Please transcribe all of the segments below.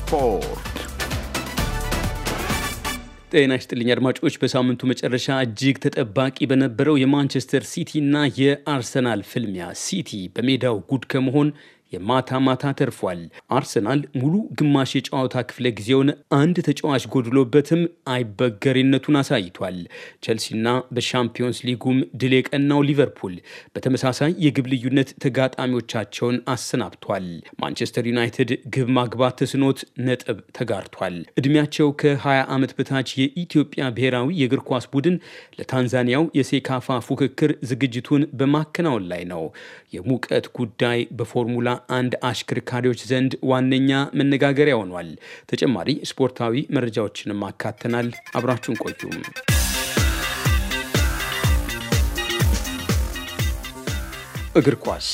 ስፖርት። ጤና ይስጥልኝ አድማጮች። በሳምንቱ መጨረሻ እጅግ ተጠባቂ በነበረው የማንቸስተር ሲቲ እና የአርሰናል ፍልሚያ ሲቲ በሜዳው ጉድ ከመሆን የማታ ማታ ተርፏል። አርሰናል ሙሉ ግማሽ የጨዋታ ክፍለ ጊዜውን አንድ ተጫዋች ጎድሎበትም አይበገሬነቱን አሳይቷል። ቸልሲና በሻምፒዮንስ ሊጉም ድል የቀናው ሊቨርፑል በተመሳሳይ የግብ ልዩነት ተጋጣሚዎቻቸውን አሰናብቷል። ማንቸስተር ዩናይትድ ግብ ማግባት ተስኖት ነጥብ ተጋርቷል። እድሜያቸው ከ20 ዓመት በታች የኢትዮጵያ ብሔራዊ የእግር ኳስ ቡድን ለታንዛኒያው የሴካፋ ፉክክር ዝግጅቱን በማከናወን ላይ ነው። የሙቀት ጉዳይ በፎርሙላ አንድ አሽከርካሪዎች ዘንድ ዋነኛ መነጋገሪያ ሆኗል። ተጨማሪ ስፖርታዊ መረጃዎችንም አካተናል። አብራችሁን ቆዩም። እግር ኳስ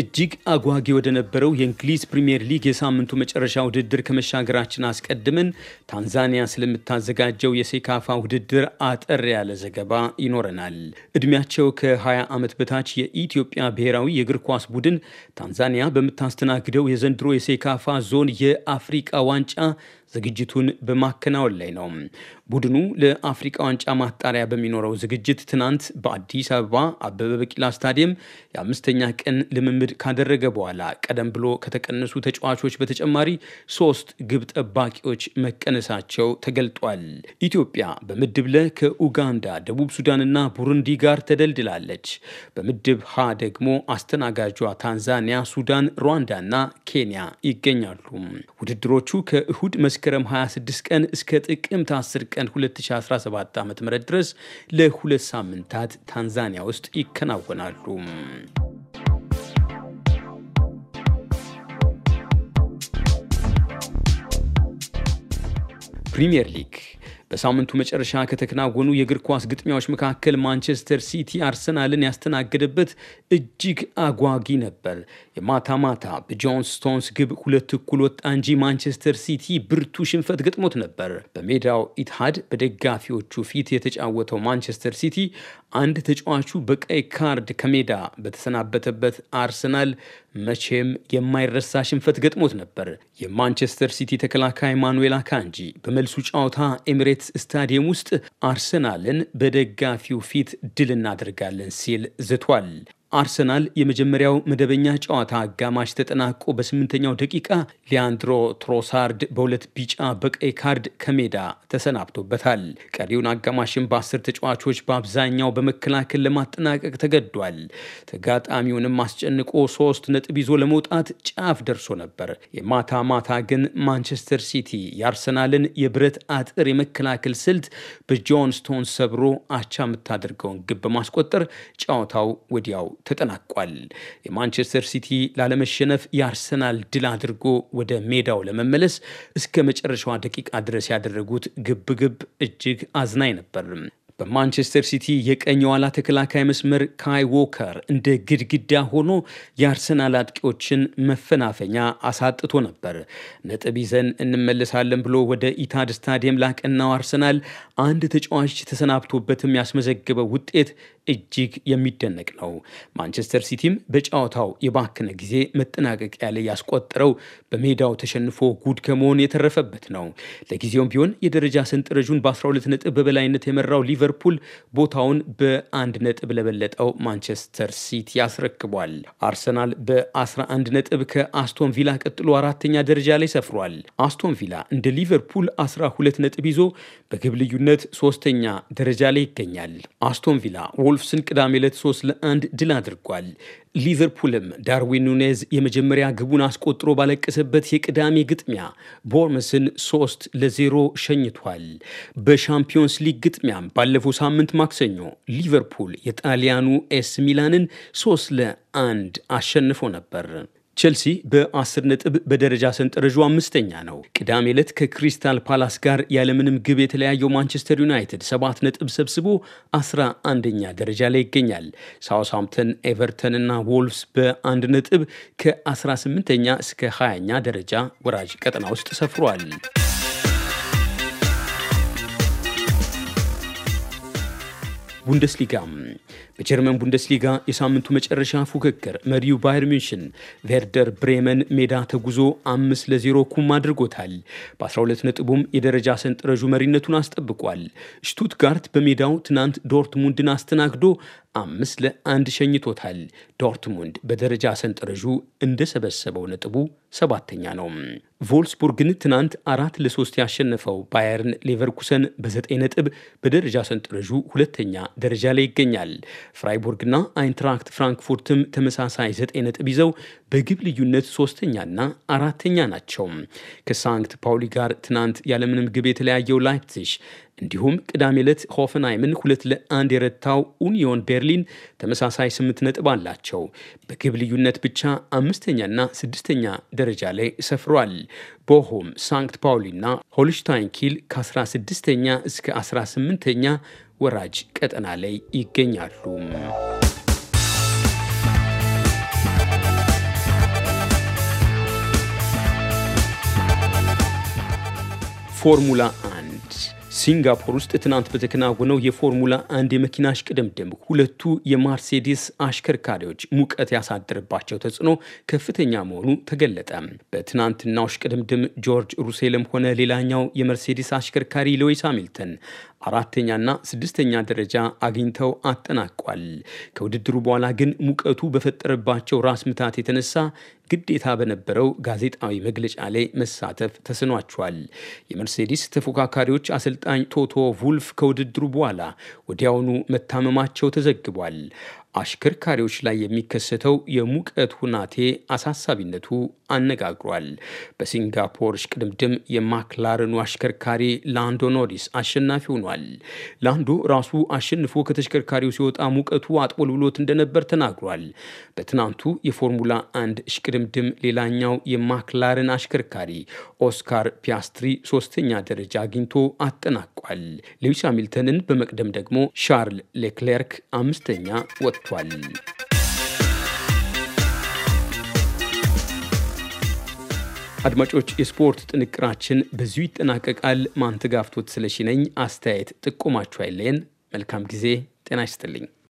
እጅግ አጓጊ ወደ ነበረው የእንግሊዝ ፕሪምየር ሊግ የሳምንቱ መጨረሻ ውድድር ከመሻገራችን አስቀድመን ታንዛኒያ ስለምታዘጋጀው የሴካፋ ውድድር አጠር ያለ ዘገባ ይኖረናል። እድሜያቸው ከ20 ዓመት በታች የኢትዮጵያ ብሔራዊ የእግር ኳስ ቡድን ታንዛኒያ በምታስተናግደው የዘንድሮ የሴካፋ ዞን የአፍሪቃ ዋንጫ ዝግጅቱን በማከናወን ላይ ነው። ቡድኑ ለአፍሪቃ ዋንጫ ማጣሪያ በሚኖረው ዝግጅት ትናንት በአዲስ አበባ አበበ ቢቂላ ስታዲየም የአምስተኛ ቀን ልምምድ ካደረገ በኋላ ቀደም ብሎ ከተቀነሱ ተጫዋቾች በተጨማሪ ሶስት ግብ ጠባቂዎች መቀነሳቸው ተገልጧል። ኢትዮጵያ በምድብ ለ ከኡጋንዳ፣ ደቡብ ሱዳንና ቡሩንዲ ጋር ተደልድላለች። በምድብ ሀ ደግሞ አስተናጋጇ ታንዛኒያ፣ ሱዳን፣ ሩዋንዳና ኬንያ ይገኛሉ። ውድድሮቹ ከእሁድ መስ ከመስከረም 26 ቀን እስከ ጥቅምት 10 ቀን 2017 ዓ ም ድረስ ለሁለት ሳምንታት ታንዛኒያ ውስጥ ይከናወናሉ። ፕሪምየር ሊግ በሳምንቱ መጨረሻ ከተከናወኑ የእግር ኳስ ግጥሚያዎች መካከል ማንቸስተር ሲቲ አርሰናልን ያስተናገደበት እጅግ አጓጊ ነበር። የማታ ማታ በጆን ስቶንስ ግብ ሁለት እኩል ወጣ እንጂ ማንቸስተር ሲቲ ብርቱ ሽንፈት ገጥሞት ነበር። በሜዳው ኢትሃድ በደጋፊዎቹ ፊት የተጫወተው ማንቸስተር ሲቲ አንድ ተጫዋቹ በቀይ ካርድ ከሜዳ በተሰናበተበት አርሰናል መቼም የማይረሳ ሽንፈት ገጥሞት ነበር። የማንቸስተር ሲቲ ተከላካይ ማኑዌል አካንጂ በመልሱ ጨዋታ ኤሚሬትስ ስታዲየም ውስጥ አርሰናልን በደጋፊው ፊት ድል እናደርጋለን ሲል ዝቷል። አርሰናል የመጀመሪያው መደበኛ ጨዋታ አጋማሽ ተጠናቆ በስምንተኛው ደቂቃ ሊያንድሮ ትሮሳርድ በሁለት ቢጫ በቀይ ካርድ ከሜዳ ተሰናብቶበታል። ቀሪውን አጋማሽን በአስር ተጫዋቾች በአብዛኛው በመከላከል ለማጠናቀቅ ተገዷል። ተጋጣሚውንም አስጨንቆ ሶስት ነጥብ ይዞ ለመውጣት ጫፍ ደርሶ ነበር። የማታ ማታ ግን ማንቸስተር ሲቲ የአርሰናልን የብረት አጥር የመከላከል ስልት በጆን ሰብሮ አቻ የምታደርገውን ግብ በማስቆጠር ጨዋታው ወዲያው ተጠናቋል። የማንቸስተር ሲቲ ላለመሸነፍ የአርሰናል ድል አድርጎ ወደ ሜዳው ለመመለስ እስከ መጨረሻዋ ደቂቃ ድረስ ያደረጉት ግብግብ እጅግ አዝናኝ ነበር። በማንቸስተር ሲቲ የቀኝ ዋላ ተከላካይ መስመር ካይ ዎከር እንደ ግድግዳ ሆኖ የአርሰናል አጥቂዎችን መፈናፈኛ አሳጥቶ ነበር። ነጥብ ይዘን እንመለሳለን ብሎ ወደ ኢታድ ስታዲየም ላቀናው አርሰናል አንድ ተጫዋች ተሰናብቶበትም ያስመዘገበው ውጤት እጅግ የሚደነቅ ነው። ማንቸስተር ሲቲም በጨዋታው የባከነ ጊዜ መጠናቀቂያ ላይ ያስቆጠረው በሜዳው ተሸንፎ ጉድ ከመሆን የተረፈበት ነው። ለጊዜውም ቢሆን የደረጃ ሰንጠረዡን በ12 ነጥብ በበላይነት የመራው ሊቨርፑል ቦታውን በአንድ ነጥብ ለበለጠው ማንቸስተር ሲቲ ያስረክቧል። አርሰናል በ11 ነጥብ ከአስቶን ቪላ ቀጥሎ አራተኛ ደረጃ ላይ ሰፍሯል። አስቶን ቪላ እንደ ሊቨርፑል 12 ነጥብ ይዞ በግብ ልዩነት ሶስተኛ ደረጃ ላይ ይገኛል። አስቶን ቪላ ወልፍስን ቅዳሜ ዕለት ሶስት ለአንድ ድል አድርጓል። ሊቨርፑልም ዳርዊን ኑኔዝ የመጀመሪያ ግቡን አስቆጥሮ ባለቀሰበት የቅዳሜ ግጥሚያ ቦርመስን ለ ለዜሮ ሸኝቷል። በሻምፒዮንስ ሊግ ግጥሚያም ባለፈው ሳምንት ማክሰኞ ሊቨርፑል የጣሊያኑ ኤስ ሚላንን ለ ለአንድ አሸንፎ ነበር። ቼልሲ በ10 ነጥብ በደረጃ ሰንጠረዡ አምስተኛ ነው። ቅዳሜ ዕለት ከክሪስታል ፓላስ ጋር ያለምንም ግብ የተለያየው ማንቸስተር ዩናይትድ ሰ7 ነጥብ ሰብስቦ 11ኛ ደረጃ ላይ ይገኛል። ሳውስሃምፕተን፣ ኤቨርተን እና ዎልፍስ በአንድ ነጥብ ከ18ኛ እስከ 20ኛ ደረጃ ወራጅ ቀጠና ውስጥ ሰፍሯል። ቡንደስሊጋም በጀርመን ቡንደስሊጋ የሳምንቱ መጨረሻ ፉክክር መሪው ባየር ሚንሽን ቬርደር ብሬመን ሜዳ ተጉዞ አምስት ለዜሮ ኩም አድርጎታል። በ12 ነጥቡም የደረጃ ሰንጠረዡ መሪነቱን አስጠብቋል። ሽቱትጋርት በሜዳው ትናንት ዶርትሙንድን አስተናግዶ አምስት ለአንድ ሸኝቶታል። ዶርትሙንድ በደረጃ ሰንጠረዡ እንደሰበሰበው ነጥቡ ሰባተኛ ነው። ቮልስቡርግን ትናንት አራት ለሶስት ያሸነፈው ባየርን ሌቨርኩሰን በዘጠኝ ነጥብ በደረጃ ሰንጠረዡ ሁለተኛ ደረጃ ላይ ይገኛል። ፍራይቡርግና አይንትራክት ፍራንክፉርትም ተመሳሳይ ዘጠኝ ነጥብ ይዘው በግብ ልዩነት ሶስተኛና አራተኛ ናቸው። ከሳንክት ፓውሊ ጋር ትናንት ያለምንም ግብ የተለያየው ላይፕዚሽ እንዲሁም ቅዳሜ ዕለት ሆፈንሃይምን ሁለት ለአንድ የረታው ኡኒዮን ቤርሊን ተመሳሳይ ስምንት ነጥብ አላቸው። በግብ ልዩነት ብቻ አምስተኛና ስድስተኛ ደረጃ ላይ ሰፍሯል። ቦሆም፣ ሳንክት ፓውሊና ሆልሽታይን ኪል ከ16ኛ እስከ 18ኛ ወራጅ ቀጠና ላይ ይገኛሉ። ፎርሙላ አንድ ሲንጋፖር ውስጥ ትናንት በተከናወነው የፎርሙላ አንድ የመኪና እሽቅድምድም ሁለቱ የማርሴዲስ አሽከርካሪዎች ሙቀት ያሳደረባቸው ተጽዕኖ ከፍተኛ መሆኑ ተገለጠ። በትናንትናው እሽቅድምድም ጆርጅ ሩሴልም ሆነ ሌላኛው የመርሴዲስ አሽከርካሪ ሎዊስ ሃሚልተን አራተኛና ስድስተኛ ደረጃ አግኝተው አጠናቋል። ከውድድሩ በኋላ ግን ሙቀቱ በፈጠረባቸው ራስ ምታት የተነሳ ግዴታ በነበረው ጋዜጣዊ መግለጫ ላይ መሳተፍ ተስኗቸዋል። የመርሴዲስ ተፎካካሪዎች አሰልጣኝ ቶቶ ቮልፍ ከውድድሩ በኋላ ወዲያውኑ መታመማቸው ተዘግቧል። አሽከርካሪዎች ላይ የሚከሰተው የሙቀት ሁናቴ አሳሳቢነቱ አነጋግሯል። በሲንጋፖር ሽቅድምድም የማክላረኑ አሽከርካሪ ላንዶ ኖሪስ አሸናፊ ሆኗል። ላንዶ ራሱ አሸንፎ ከተሽከርካሪው ሲወጣ ሙቀቱ አጥቦልብሎት እንደነበር ተናግሯል። በትናንቱ የፎርሙላ አንድ ሽቅድምድም ሌላኛው የማክላረን አሽከርካሪ ኦስካር ፒያስትሪ ሶስተኛ ደረጃ አግኝቶ አጠናቋል። ሌዊስ ሃሚልተንን በመቅደም ደግሞ ሻርል ሌክሌርክ አምስተኛ ወጥ ተዘጋጅቷል። አድማጮች፣ የስፖርት ጥንቅራችን በዚሁ ይጠናቀቃል። ማንተጋፍቶት ስለሺ ነኝ። አስተያየት ጥቆማችሁ አይለየን። መልካም ጊዜ። ጤና ይስጥልኝ።